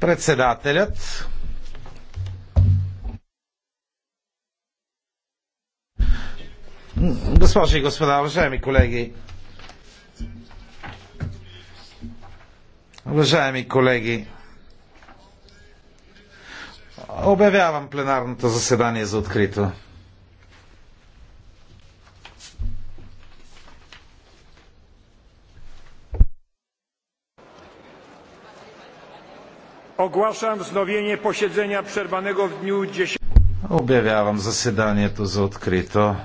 Председателят Госпожи и господа, уважаеми колеги, уважаеми колеги, обявявам пленарното заседание за открито. Оглашам вновение посещения, прерваного в дню 10. Обявявам заседанието за открито.